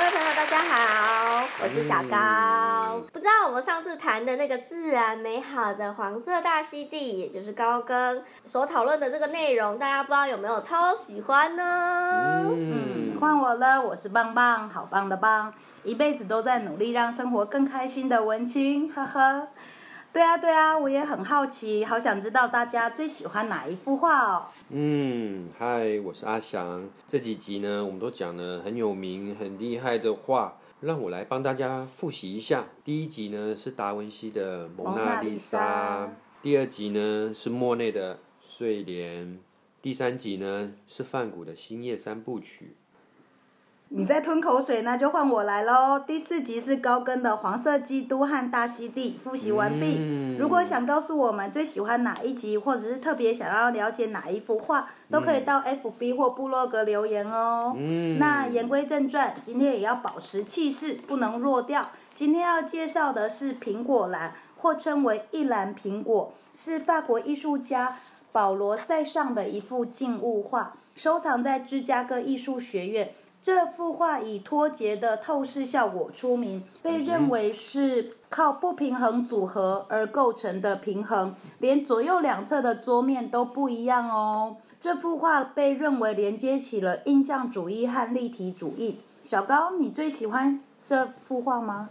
各位朋友，大家好，我是小高、嗯。不知道我們上次談的那個自然美好的黃色大溪地，也就是高更所討論的這個內容，大家不知道有沒有超喜歡呢？嗯？嗯，換我了，我是棒棒，好棒的棒，一輩子都在努力讓生活更開心的文青，呵呵。對啊，對啊，我也很好奇，好想知道大家最喜歡哪一幅畫哦。嗯，嗨，我是阿翔。這幾集呢，我們都講了很有名、很厲害的畫，讓我來幫大家複習一下。第一集呢是達文西的《蒙娜麗莎》，第二集呢是莫內的《睡蓮》，第三集呢是梵谷的《星夜三部曲》。你在吞口水呢，就換我來嘍。第四集是高更的《黃色基督和大溪地》，複習完畢，嗯。如果想告訴我們最喜歡哪一集，或者是特別想要了解哪一幅畫，都可以到 FB 或部落格留言哦。嗯、那言歸正傳，今天也要保持氣勢，不能弱掉。今天要介紹的是《蘋果籃》，或稱為《一籃蘋果》，是法國藝術家保羅塞尚的一幅靜物畫，收藏在芝加哥藝術學院。這幅畫以脫節的透視效果出名，被認為是靠不平衡組合而構成的平衡，連左右兩側的桌面都不一樣哦。這幅畫被認為連接起了印象主義和立體主義。小高，你最喜歡這幅畫嗎？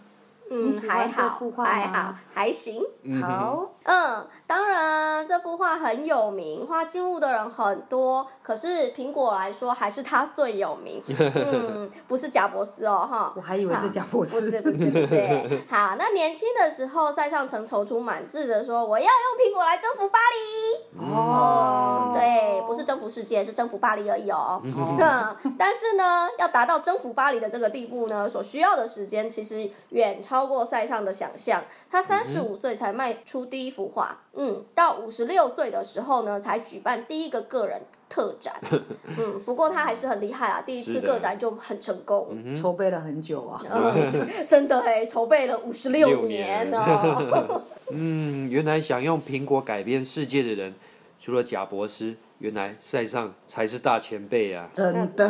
嗯，還好，還好，還行， 好。嗯，當然，這幅畫很有名，畫靜物的人很多，可是蘋果來說，還是他最有名。嗯，不是賈伯斯哦，哈，我還以為是賈伯斯。啊，不是不是不是。好，那年輕的時候，塞尚曾躊躇滿志的說：“我要用蘋果來征服巴黎。”哦，哦，對，不是征服世界，是征服巴黎而已哦。哦，嗯，但是呢，要達到征服巴黎的這個地步呢，所需要的時間其實遠超過塞尚的想象。他三十五歲才賣出第一。幅畫，嗯，到五十六歲的時候呢，才舉辦第一個個人特展， 嗯，不過他還是很厲害啊，第一次個展就很成功，籌、嗯、備了很久啊，呃、 真的哎、欸，籌備了五十、喔、六年呢， 嗯，原來想用蘋果改變世界的人，除了賈伯斯，原來塞尚才是大前輩啊，真的，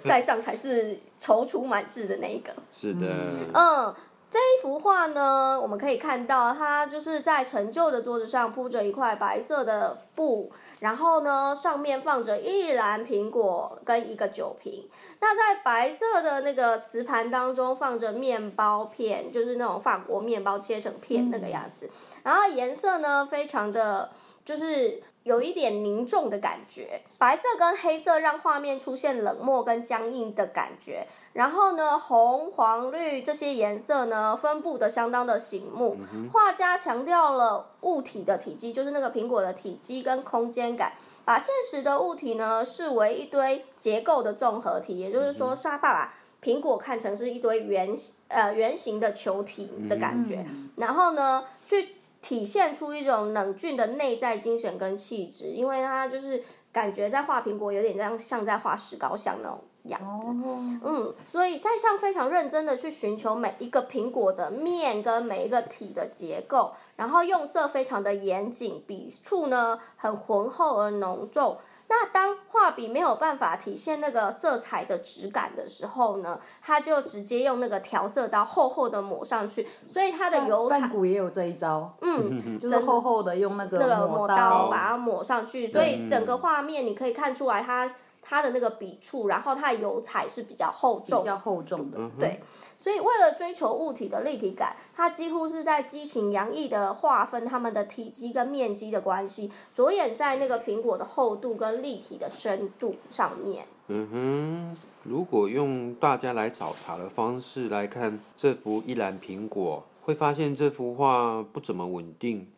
塞 尚 才是躊躇滿志的那一個，是的，嗯。這一幅畫呢，我們可以看到，它就是在陳舊的桌子上鋪着一塊白色的布，然後呢，上面放着一籃蘋果跟一個酒瓶。那在白色的那個瓷盤當中放着面包片，就是那種法國麵包切成片那個樣子。嗯、然後顏色呢，非常的就是。有一點凝重的感覺，白色跟黑色讓畫面出現冷漠跟僵硬的感覺。然後呢，紅、黃、綠這些顏色呢分佈得相當的醒目、嗯。畫家強調了物體的體積，就是那個蘋果的體積跟空間感，把現實的物體呢視為一堆結構的綜合體，嗯、也就是說，塞尚把蘋果看成是一堆圓呃圓形的球體的感覺。嗯、然後呢，去。體現出一種冷峻的內在精神跟氣質，因為他就是感覺在畫蘋果有點像像在畫石膏像那種樣子。嗯，所以塞尚非常認真的去尋求每一個蘋果的面跟每一個體的結構，然後用色非常的嚴謹，筆觸呢很渾厚而濃重。那當畫筆沒有辦法體現那個色彩的質感的時候呢，他就直接用那個調色刀厚厚的抹上去，所以它的油彩半骨也有這一招。嗯， 就是厚厚的用那個抹刀， 那個抹刀把它抹上去，所以整個畫面你可以看出來它。它的那個筆觸，然後它的油彩是比較厚重的，比較厚重的、嗯，對。所以為了追求物體的立體感，它幾乎是在激情洋溢的劃分他們的體積跟面積的關係，着眼在那個蘋果的厚度跟立體的深度上面。嗯哼，如果用大家來找茬的方式來看這幅一籃蘋果，會發現這幅畫不怎麼穩定，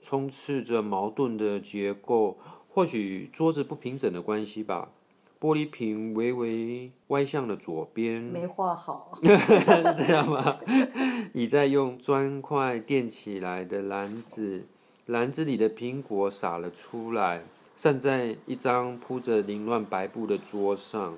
充斥着矛盾的結構，或許桌子不平整的關係吧。玻璃瓶微微歪向了左邊，沒畫好， 這樣嗎？ 你再用磚塊墊起來的籃子，籃子裡的蘋果灑了出來，散在一張鋪着凌亂白布的桌上。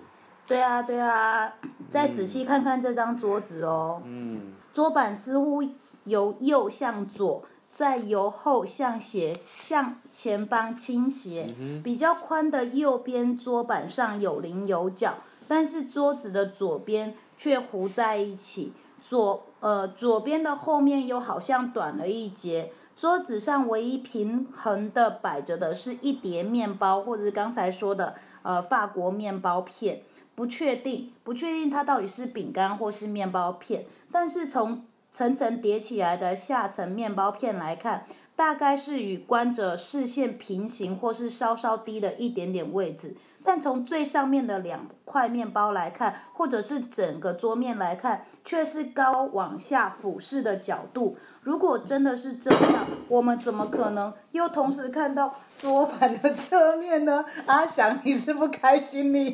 對啊，對啊，再仔細看看這張桌子哦、喔。嗯，桌板似乎由右向左，在由後向斜向前方傾斜，嗯，比較寬的右邊桌板上有稜有角，但是桌子的左邊卻糊在一起，左呃左邊的後面又好像短了一截。桌子上唯一平衡的擺着的是一碟麵包，或者是剛才說的呃法國麵包片，不確定，不確定它到底是餅乾或是麵包片，但是從。層層疊起來的下層麵包片來看，大概是與觀者視線平行或是稍稍低了一點點位置，但從最上面的兩。塊麵包來看，或者是整個桌面來看，卻是高往下俯視的角度，如果真的是這樣，我們怎麼可能又同時看到桌板的側面呢？阿翔，你是不開心呢？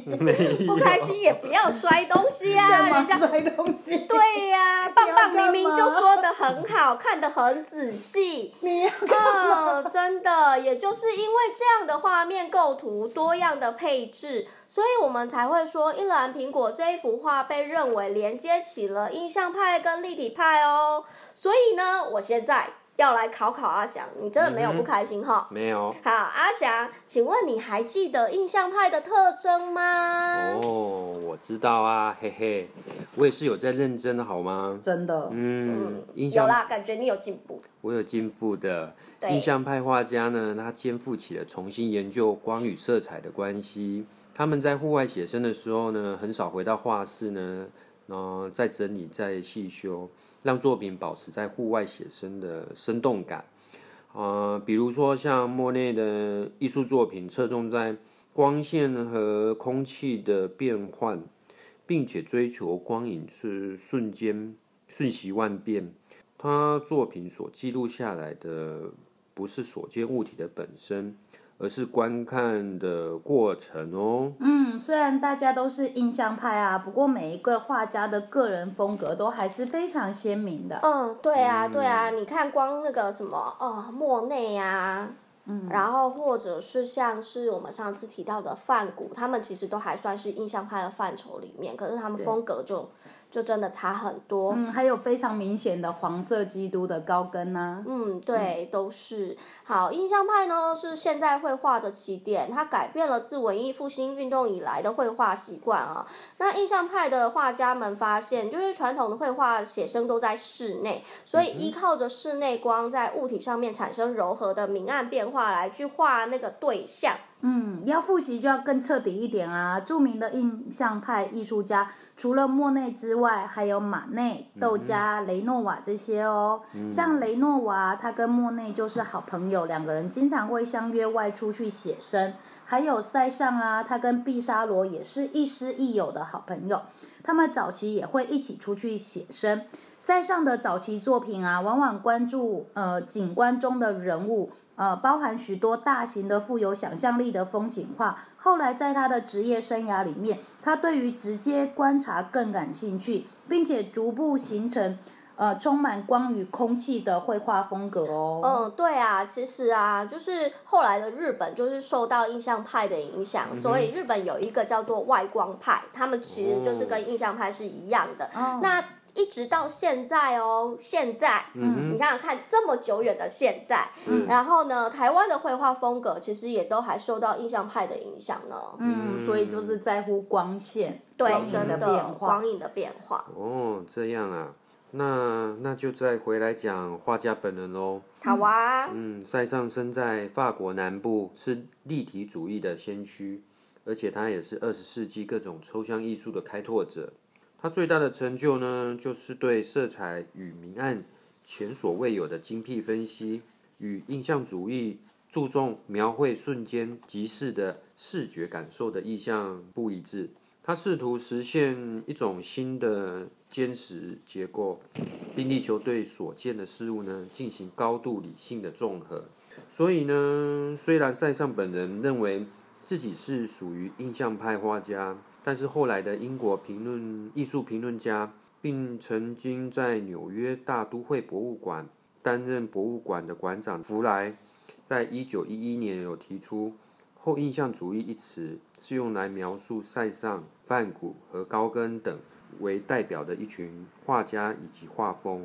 不開心也不要摔東西呀、啊，人家摔，摔東西。對呀、啊，棒棒明明就說得很，很好，看得很仔細。你要幹嘛、呃？真的，也就是因為這樣的畫面構圖多樣的配置，所以我們才會。說《一籃蘋果》這一幅畫被認為連接起了印象派跟立體派哦、喔，所以呢，我現在要來考考阿翔，你真的沒有不開心哈、嗯嗯？沒有。好，阿翔，請問你還記得印象派的特徵嗎？哦，我知道啊，嘿嘿，我也是有在認真的，好嗎？真的。嗯。印象有啦，感覺你有進步。我有進步的。印象派畫家呢，他肩負起了重新研究光與色彩的關係。他們在戶外寫生的時候呢，很少回到畫室呢，然、呃、在整理、在細修，讓作品保持在戶外寫生的生動感。啊、呃，比如說像莫內的藝術作品，側重在光線和空氣的變換，並且追求光影是瞬間瞬息萬變。他作品所記錄下來的，不是所見物體的本身。而是觀看的過程哦。嗯，雖然大家都是印象派啊，不過每一個畫家的個人風格都還是非常鮮明的。嗯，對啊，對啊，你看光那個什麼哦，莫內啊，嗯，然後或者是像是我們上次提到的梵谷，他們其實都還算是印象派的範疇裡面，可是他們風格就。就真的差很多，嗯，還有非常明顯的黃色基督的高更呢、啊，嗯，對嗯，都是。好，印象派呢是現在繪畫的起點，它改變了自文藝復興運動以來的繪畫習慣啊、哦。那印象派的畫家們發現，就是傳統的繪畫寫生都在室內，所以依靠着室內光在物體上面產生柔和的明暗變化來去畫那個對象。嗯，要複習就要更徹底一點啊！著名的印象派藝術家除了莫內之外，還有馬內、竇加、雷諾瓦這些哦、嗯。像雷諾瓦，他跟莫內就是好朋友，兩個人經常會相約外出去寫生。還有塞尚啊，他跟畢沙羅也是亦師亦友的好朋友，他們早期也會一起出去寫生。塞尚的早期作品啊，往往關注呃景觀中的人物。呃，包含許多大型的富有想象力的風景畫。後來在他的職業生涯裡面，他對於直接觀察更感興趣，並且逐步形成呃充滿光與空氣的繪畫風格哦。嗯，對啊，其實啊，就是後來的日本就是受到印象派的影響、嗯嗯，所以日本有一個叫做外光派，他們其實就是跟印象派是一樣的。哦哦、那。一直到現在哦、喔，現在、嗯，你想想看，這麼久遠的現在、嗯，然後呢，台灣的繪畫風格其實也都還受到印象派的影響呢。嗯，所以就是在乎光線對，真的變化、嗯、光影的變化。哦，這樣啊，那那就再回來講畫家本人嘍。好啊，嗯，塞尚生在法國南部，是立體主義的先驅，而且他也是二十世紀各種抽象藝術的開拓者。他最大的成就呢，就是對色彩與明暗前所未有的精闢分析，與印象主義注重描繪瞬間即逝的視覺感受的意向不一致。他試圖實現一種新的堅實結構，並力求對所見的事物呢進行高度理性的綜合。所以呢，雖然塞尚本人認為自己是屬於印象派畫家。但是後來的英國評論、藝術評論家，並曾經在紐約大都會博物館擔任博物館的館長弗萊，在一九一一年有提出“後印象主義”一詞，是用來描述塞尚、梵谷和高更等為代表的一群畫家以及畫風。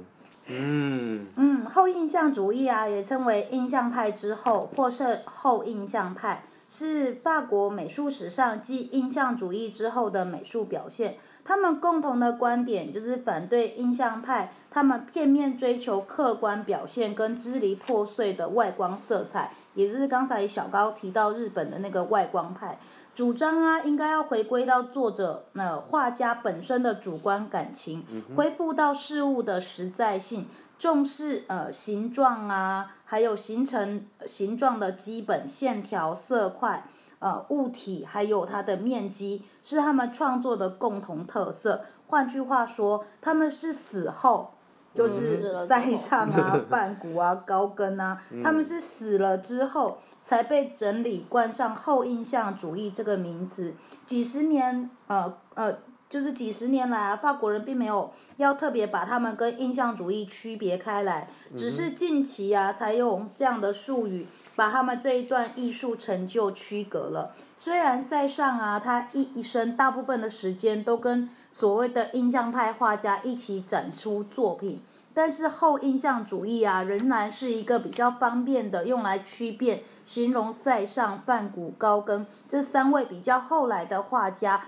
嗯嗯，後印象主義啊，也稱為印象派之後，或是後印象派。是法國美術史上繼印象主義之後的美術表現。他們共同的觀點就是反對印象派，他們片面追求客觀表現跟支離破碎的外光色彩，也就是剛才小高提到日本的那個外光派，主張啊，應該要回歸到作者那、呃、畫家本身的主觀感情，恢復到事物的實在性。重視呃形狀啊，還有形成形狀的基本線條、色塊，呃物體，還有它的面積，是他們創作的共同特色。換句話說，他們是死後，嗯、就是塞尚啊、梵谷啊、 高更啊，他們是死了之後才被整理冠上後印象主義這個名詞。幾十年，呃呃。就是幾十年來啊，法國人並沒有要特別把他們跟印象主義區別開來，只是近期啊才用這樣的術語把他們這一段藝術成就區隔了。雖然塞尚啊，他一一生大部分的時間都跟所謂的印象派畫家一起展出作品，但是後印象主義啊仍然是一個比較方便的用來區別形容塞尚、梵谷、高更這三位比較後來的畫家。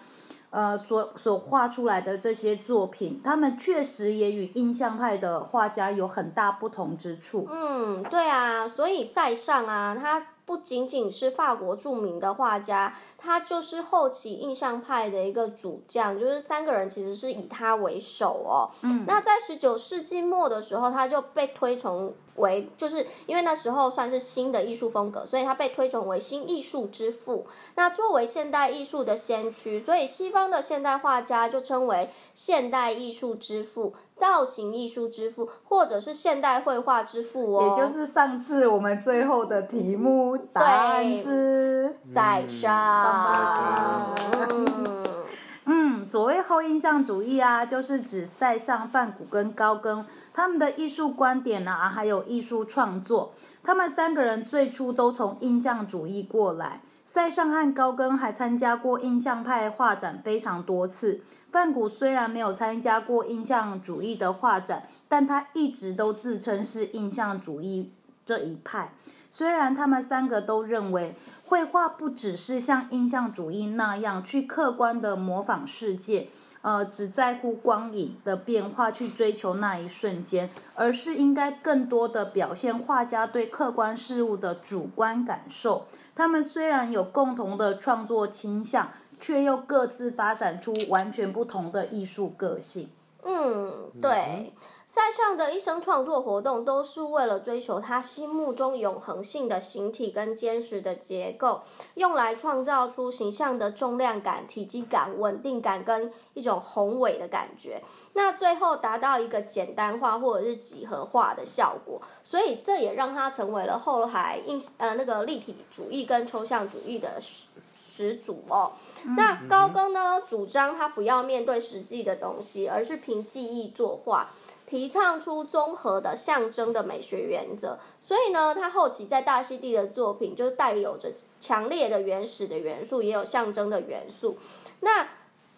呃，所所畫出來的這些作品，他們確實也與印象派的畫家有很大不同之處。嗯，對啊，所以塞尚啊，他不僅僅是法國著名的畫家，他就是後期印象派的一個主將，就是三個人其實是以他為首哦。嗯。那在十九世紀末的時候，他就被推崇。為就是因為那時候算是新的藝術風格，所以他被推崇為新藝術之父。那作為現代藝術的先驅，所以西方的現代畫家就稱為現代藝術之父、造型藝術之父，或者是現代繪畫之父哦。也就是上次我們最後的題目答案是塞尚。嗯，嗯，嗯，所謂後印象主義啊，就是指塞尚、梵谷跟高更，他們的藝術觀點啊，還有藝術創作，他們三個人最初都從印象主義過來。塞尚和高更還參加過印象派畫展非常多次。梵谷雖然沒有參加過印象主義的畫展，但他一直都自稱是印象主義這一派。雖然他們三個都認為，繪畫不只是像印象主義那樣去客觀地模仿世界。呃，只在乎光影的變化，去追求那一瞬間，而是應該更多的表現畫家對客觀事物的主觀感受。他們雖然有共同的創作傾向，卻又各自發展出完全不同的藝術個性。嗯，對，塞尚的一生創作活動都是為了追求他心目中永恆性的形體跟堅實的結構，用來創造出形象的重量感、體積感、穩定感跟一種宏偉的感覺。那最後達到一個簡單化或者是幾何化的效果，所以這也讓他成為了後來印呃那個立體主義跟抽象主義的。始祖哦，那高更呢主張他不要面對實際的東西，而是憑記憶作畫，提倡出綜合的象徵的美學原則。所以呢，他後期在大溪地的作品就帶有着強烈的原始的元素，也有象徵的元素。那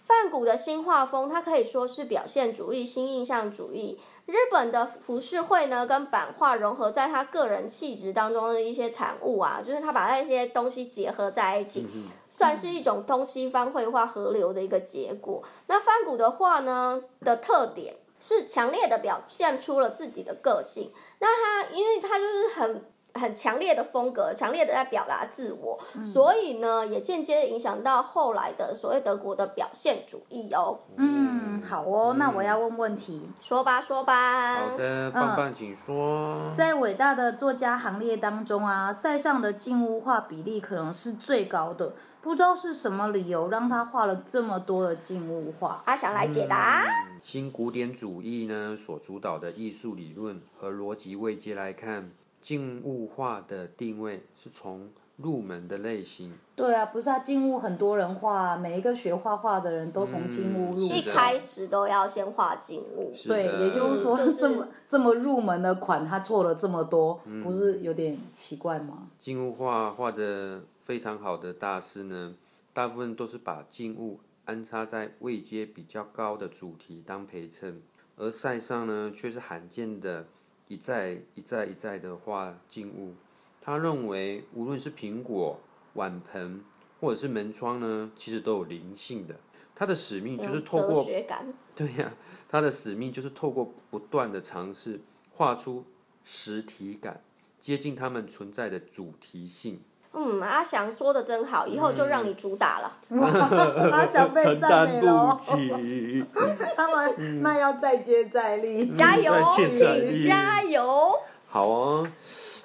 梵谷的新畫風，它可以說是表現主義、新印象主義。日本的浮世繪呢，跟版畫融合在他個人氣質當中的一些產物啊，就是他把那些東西結合在一起，算是一種東西方繪畫合流的一個結果。那梵谷的畫呢的特點是強烈的表現出了自己的個性。那他，因為他就是很。很強烈的風格，強烈的在表達自我、嗯，所以呢，也間接影響到後來的所謂德國的表現主義哦。嗯，好哦，嗯、那我要問問題。說吧，說吧。好的，棒棒，嗯、請說。在偉大的作家行列當中啊，塞尚的靜物畫，比例可能是最高的，不知道是什麼理由讓他畫了這麼多的靜物畫。阿、啊、翔來解答、嗯。新古典主義呢，所主導的藝術理論和邏輯位階來看，靜物畫的定位是從入門的類型。對啊，不是啊，靜物很多人畫，每一個學畫畫的人都從靜物入門，一開始都要先畫靜物。對，也就是說、嗯就是、這麼這麼入門的款，他做了這麼多，不是有點奇怪嗎？靜物畫畫的非常好的大師呢，大部分都是把靜物安插在位階比較高的主題當陪襯，而塞尚呢卻是罕見的，一再一再一再的畫靜物，他認為無論是蘋果、碗盆，或者是門窗呢，其實都有靈性的。他的使命就是透過，嗯、對呀、啊，他的使命就是透過不斷的嘗試畫出實體感，接近他們存在的主題性。嗯，阿翔說的真好，以後就讓你主打了。嗯、阿翔被讚美哦。嗯、 他們那要再接再厲，加油，嗯、再再請加油。好哦，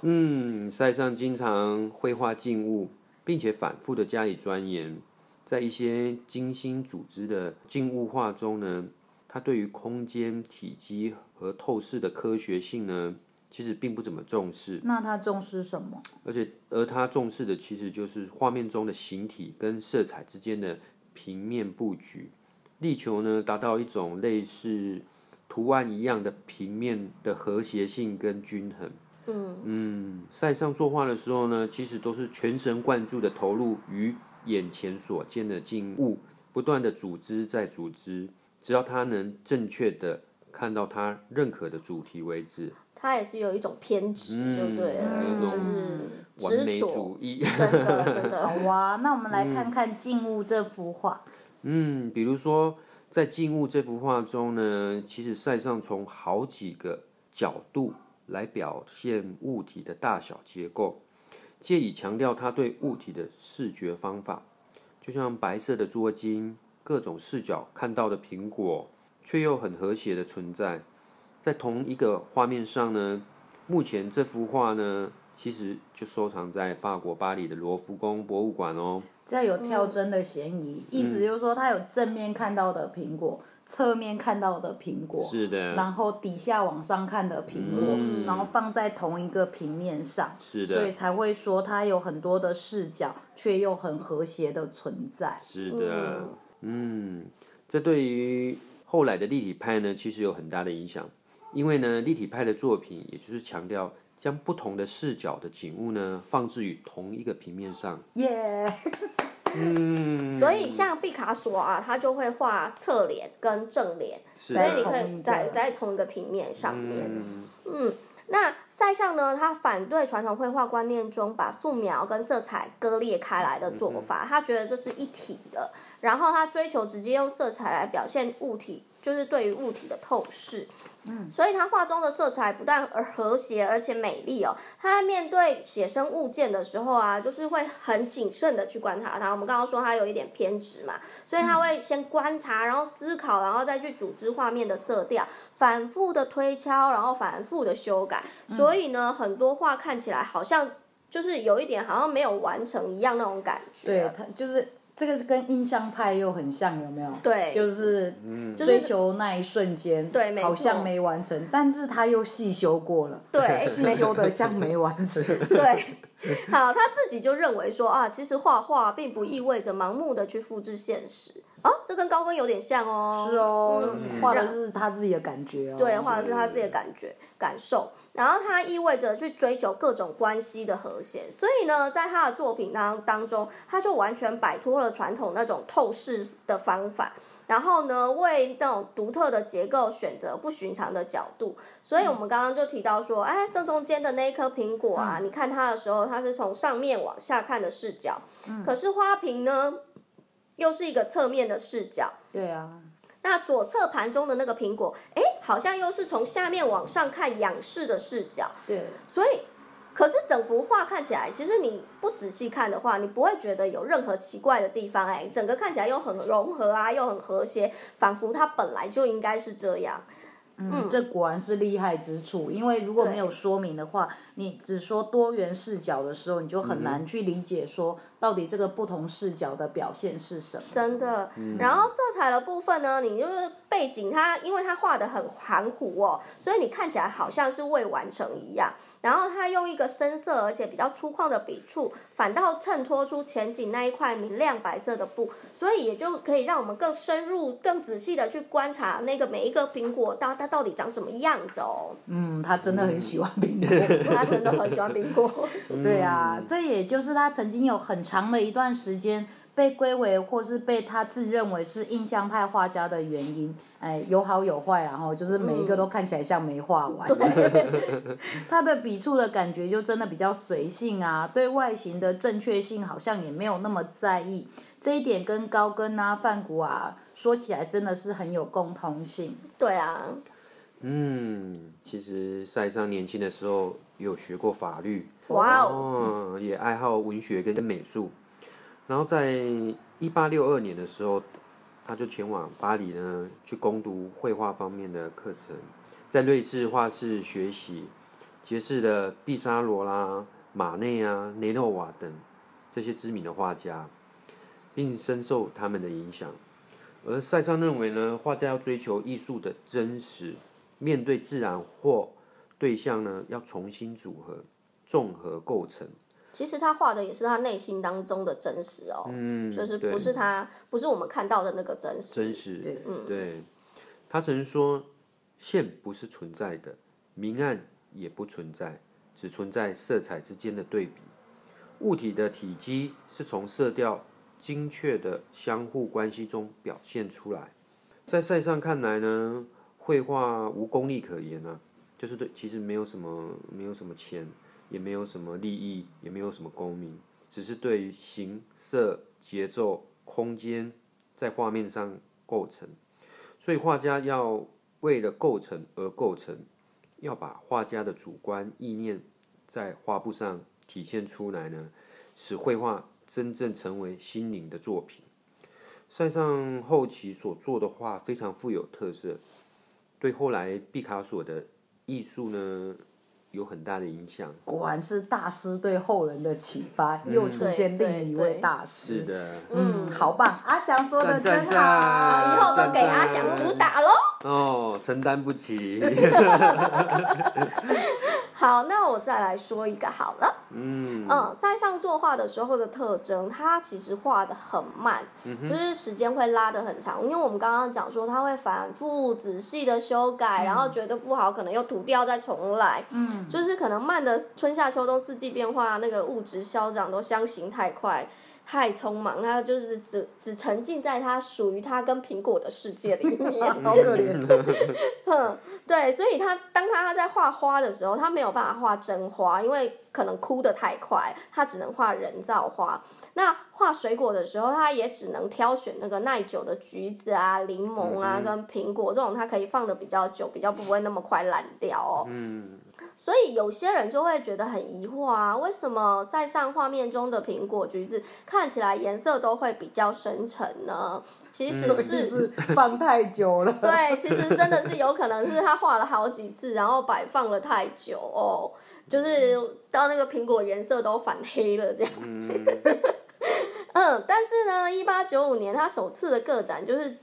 嗯，塞尚經常繪畫靜物，並且反覆的加以鑽研，在一些精心組織的靜物畫中呢，他對於空間、體積和透視的科學性呢。其實並不怎麼重視。那他重視什麼？而且，而他重視的其實就是畫面中的形體跟色彩之間的平面布局，力求呢達到一種類似圖案一樣的平面的和諧性跟均衡。嗯嗯，塞尚作畫的時候呢，其實都是全神貫注的投入於眼前所見的景物，不斷的組織再組織，直到他能正確的看到他認可的主題為止。他也是有一種偏執，就對了，嗯，就是執着，嗯，就是、完美主義 的對對，哇，那我們來看看靜物這幅畫。嗯，比如說在靜物這幅畫中呢，其實塞尚從好幾個角度來表現物體的大小結構，借以強調他對物體的視覺方法。就像白色的桌巾，各種視角看到的蘋果，卻又很和諧的存在，在同一個畫面上呢，目前這幅畫呢，其實就收藏在法國巴黎的羅浮宮博物館哦、喔。這樣有跳針的嫌疑、嗯，意思就是說，他有正面看到的蘋果，側、嗯、面看到的蘋果，是的，然後底下往上看的蘋果、嗯，然後放在同一個平面上，是的，所以才會說它有很多的視角，卻又很和諧的存在。是的，嗯，嗯這對於後來的立體派呢，其實有很大的影響。因為呢，立體派的作品也就是強調將不同的視角的景物呢，放置於同一個平面上。耶、yeah. 嗯。所以像畢卡索啊，他就會畫側臉跟正臉，所以你可以在在同一個平面上面。嗯。嗯，那塞尚呢，他反對傳統繪畫觀念中把素描跟色彩割裂開來的做法，嗯嗯，他覺得這是一體的。然後他追求直接用色彩來表現物體，就是對於物體的透視。嗯、所以他畫中的色彩不但而和諧，而且美麗哦。他在面對寫生物件的時候啊，就是會很謹慎的去觀察他。我們剛剛說他有一點偏執嘛，所以他會先觀察，然後思考，然後再去組織畫面的色調，反復的推敲，然後反復的修改、嗯。所以呢，很多畫看起來好像就是有一點好像沒有完成一樣那種感覺、啊。對他就是。這個是跟印象派又很像，有沒有？對，就是追求那一瞬間，對，就是，好像沒完成，對，沒錯，但是他又細修過了，對，細修的像沒完成。 對，好，他自己就認為說啊，其實畫畫並不意味着盲目的去複製現實。哦、啊，這跟高更有點像哦。是哦，畫、嗯、的是他自己的感覺哦。嗯、對，畫的是他自己的感覺、對對對，感受，然後他意味着去追求各種關係的和諧。所以呢，在他的作品當當中，他就完全擺脫了傳統那種透視的方法，然後呢，為那種獨特的結構選擇不尋常的角度。所以我們剛剛就提到說，哎、嗯，正中間的那顆蘋果啊，嗯、你看它的時候，它是從上面往下看的視角，嗯、可是花瓶呢？又是一個側面的視角，對啊。那左側盤中的那個蘋果，哎，好像又是從下面往上看仰視的視角，對。所以，可是整幅畫看起來，其實你不仔細看的話，你不會覺得有任何奇怪的地方，哎，整個看起來又很融合啊，又很和諧，仿佛它本來就應該是這樣。嗯，嗯，這果然是厲害之處，因為如果沒有說明的話。你只說多元視角的時候，你就很難去理解說、嗯、到底這個不同視角的表現是什麼。真的。嗯、然後色彩的部分呢，你就是背景它，它因為它畫得很含糊哦，所以你看起來好像是未完成一樣。然後它用一個深色而且比較粗獷的筆觸，反倒襯托出前景那一塊明亮白色的布，所以也就可以讓我們更深入、更仔細的去觀察那個每一個蘋果到它到底長什麼樣子哦。嗯，他真的很喜歡蘋果。嗯 他真的很喜歡蘋果、嗯，對啊，這也就是他曾經有很長的一段時間被歸為或是被他自認為是印象派畫家的原因。哎，有好有壞、啊，然後就是每一個都看起來像沒畫完。嗯、 他的筆觸的感覺就真的比較隨性啊，對外形的正確性好像也沒有那麼在意。這一點跟高更啊、梵谷啊說起來真的是很有共通性。對啊，嗯，其實塞尚年輕的時候。也有學過法律，wow 哦，也愛好文學跟美術。然後在一八六二年的時候，他就前往巴黎呢，去攻讀繪畫方面的課程，在瑞士畫室學習，結識了畢沙羅啦、馬內啊、雷諾瓦等這些知名的畫家，並深受他們的影響。而塞尚認為呢，畫家要追求藝術的真實，面對自然或。對象呢，要重新組合、綜合構成。其實他畫的也是他內心當中的真實哦，嗯、就是不是他，不是我們看到的那個真實。真實，嗯，對。他曾說：“線不是存在的，明暗也不存在，只存在色彩之間的對比。物體的體積是從色調精確的相互關係中表現出來。”在塞尚看來呢，繪畫無功利可言啊。就是對，其實沒有什麼，沒有什麼錢，也沒有什麼利益，也沒有什麼功名，只是對於形、色、節奏、空間在畫面上構成。所以畫家要為了構成而構成，要把畫家的主觀意念在畫布上體現出來呢，使繪畫真正成為心靈的作品。塞尚後期所做的畫非常富有特色，對後來畢卡索的。藝術呢，有很大的影響。果然是大師對後人的啟發、嗯，又出現另一位大師。對對對對是的，嗯，嗯好棒！阿翔說得真好讚讚讚，以後都給阿翔主打咯。讚讚哦，承擔不起。 好，那我再來說一個好了。嗯嗯，塞尚作畫的時候的特徵，它其實畫的很慢，嗯，就是時間會拉的很長。因為我們剛剛講說，他會反覆仔細的修改，嗯，然後覺得不好，可能又塗掉再重來。嗯，就是可能慢的春夏秋冬四季變化，那個物質消長都相形太快。太匆忙，他就是只只沉浸在他屬於他跟蘋果的世界裡面， 好可憐。嗯，對，所以他當他在畫花的時候，他沒有辦法畫真花，因為可能枯得太快，他只能畫人造花。那畫水果的時候，他也只能挑選那個耐久的橘子啊、檸檬啊，嗯嗯，跟蘋果這種，它可以放得比較久，比較不會那麼快爛掉哦。嗯所以有些人就會覺得很疑惑啊，為什麼塞尚畫面中的蘋果、橘子看起來顏色都會比較深沉呢？其實是放太久了。對，其實真的是有可能是他畫了好幾次，然後擺放了太久，哦，就是到那個蘋果顏色都反黑了這樣嗯。 嗯，但是呢，一八九五年他首次的個展就是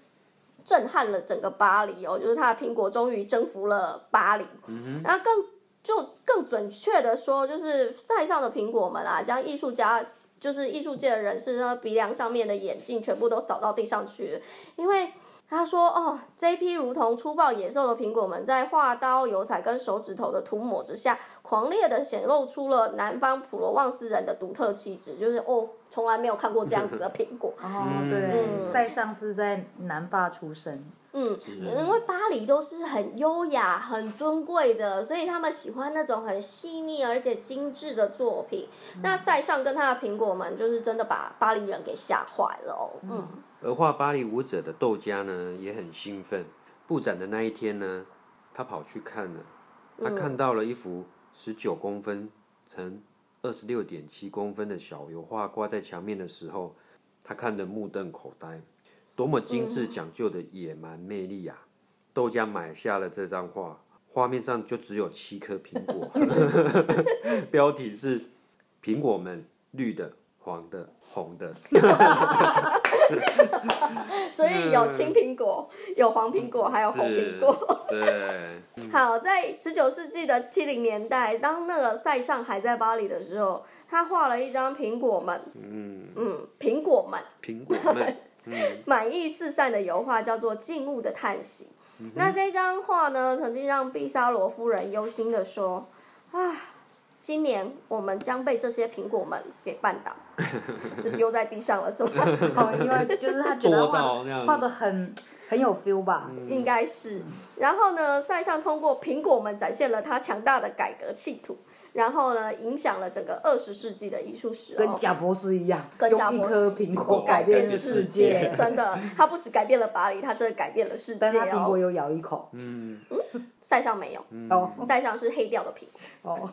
震撼了整個巴黎哦，就是他的蘋果終於征服了巴黎。嗯然後更。就更準確的說，就是塞尚的蘋果們啊，將藝術家，就是藝術界的人士呢，鼻梁上面的眼鏡全部都掃到地上去了。因為他說，哦，這批如同粗暴野獸的蘋果們，在畫刀、油彩跟手指頭的塗抹之下，狂烈的顯露出了南方普羅旺斯人的獨特氣質。就是哦，從來沒有看過這樣子的蘋果的。哦，對，嗯，塞尚是在南方出生。嗯，嗯，因為巴黎都是很優雅、很尊貴的，所以他們喜歡那種很細膩而且精致的作品。嗯、那塞尚跟他的蘋果們，就是真的把巴黎人給嚇壞了哦。嗯。嗯，而畫巴黎舞者的竇加呢，也很興奮。布展的那一天呢，他跑去看了，他看到了一幅十九公分乘二十六點七公分的小油畫掛在牆面的時候，他看得目瞪口呆。多麼精緻講究的野蠻魅力呀、啊！豆家買下了這張畫，畫面上就只有七顆蘋果。 標題是“蘋果們”，綠的、黃的、紅的。 所以有青蘋果，有黃蘋果，還有紅蘋果 。對。好，在十九世紀的七零年代，當那個塞尚還在巴黎的時候，他畫了一張蘋果們、嗯《蘋果們》。嗯嗯，《蘋果們》。蘋果們。滿意四散的油畫叫做《靜物的嘆息》。嗯、那這張畫呢，曾經讓畢沙羅夫人憂心的說：“啊，今年我們將被這些蘋果們給絆倒， 是丟在地上了，是 嗎？”好，因為就是他覺得畫的，畫的很很有 feel 吧，嗯、應該是。然後呢，塞尚通過蘋果們展現了他強大的改革企圖。然後呢，影響了整個二十世紀的藝術史。跟賈博士一樣，用一顆蘋果改變世界，真、哦、的。他不止改變了巴黎，他真的改變了世界哦。但他蘋果又咬一口，嗯，塞、嗯、尚沒有，哦、嗯，塞尚是黑掉的蘋果。哦，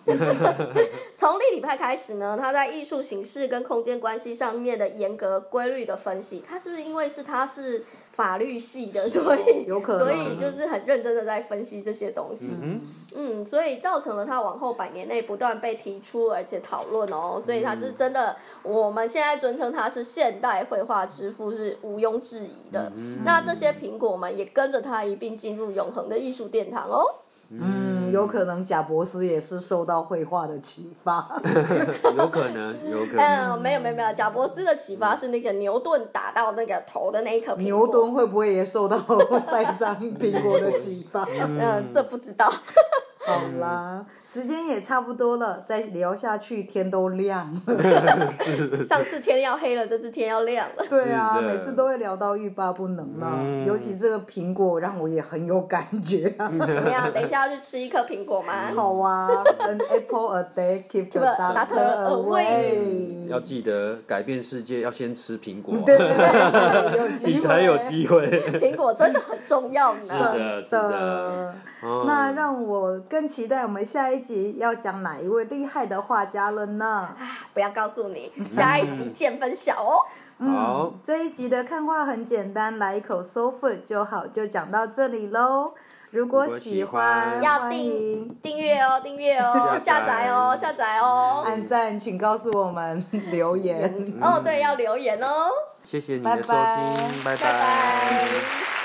從 立體派開始呢，他在藝術形式跟空間關係上面的嚴格規律的分析，他是不是因為是他是法律系的，所以、哦、有可能所以就是很認真的在分析這些東西。嗯。嗯，所以造成了他往後百年內不斷被提出，而且討論哦，所以他是真的，嗯、我們現在尊稱他是現代繪畫之父是毋庸置疑的。嗯、那這些蘋果們也跟着他一併進入永恆的藝術殿堂哦。嗯，有可能賈伯斯也是受到繪畫的啟發， 有可能，有可能。嗯，沒有沒有沒有，賈伯斯的啟發是那個牛頓打到那個頭的那一刻。牛頓會不會也受到塞尚蘋果的啟發 嗯？嗯，這不知道。 好啦，時間也差不多了，再聊下去天都亮了。 上次天要黑了，這次天要亮了。對啊，每次都會聊到欲罷不能了。嗯、尤其這個蘋果讓我也很有感覺，啊。嗯、 怎麼樣？等一下要去吃一顆蘋果嗎？好啊 a apple a day keeps the doctor away。要記得改變世界要先吃蘋果，啊。 對對，對你有你才有機會。 蘋果真的很重要呢。是的，是的。 Oh. 那讓我更期待我們下一集要講哪一位厲害的畫家了呢？不要告訴你，下一集見分曉哦。 嗯這一集的看畫很簡單，來一口 so food 就好，就講到這裡嘍。如果喜歡，要訂訂閱哦，訂閱哦，下載哦，下載哦，嗯、按讚，請告訴我們留言、 嗯、哦，對，要留言哦。謝謝你的收聽，拜拜。拜拜拜拜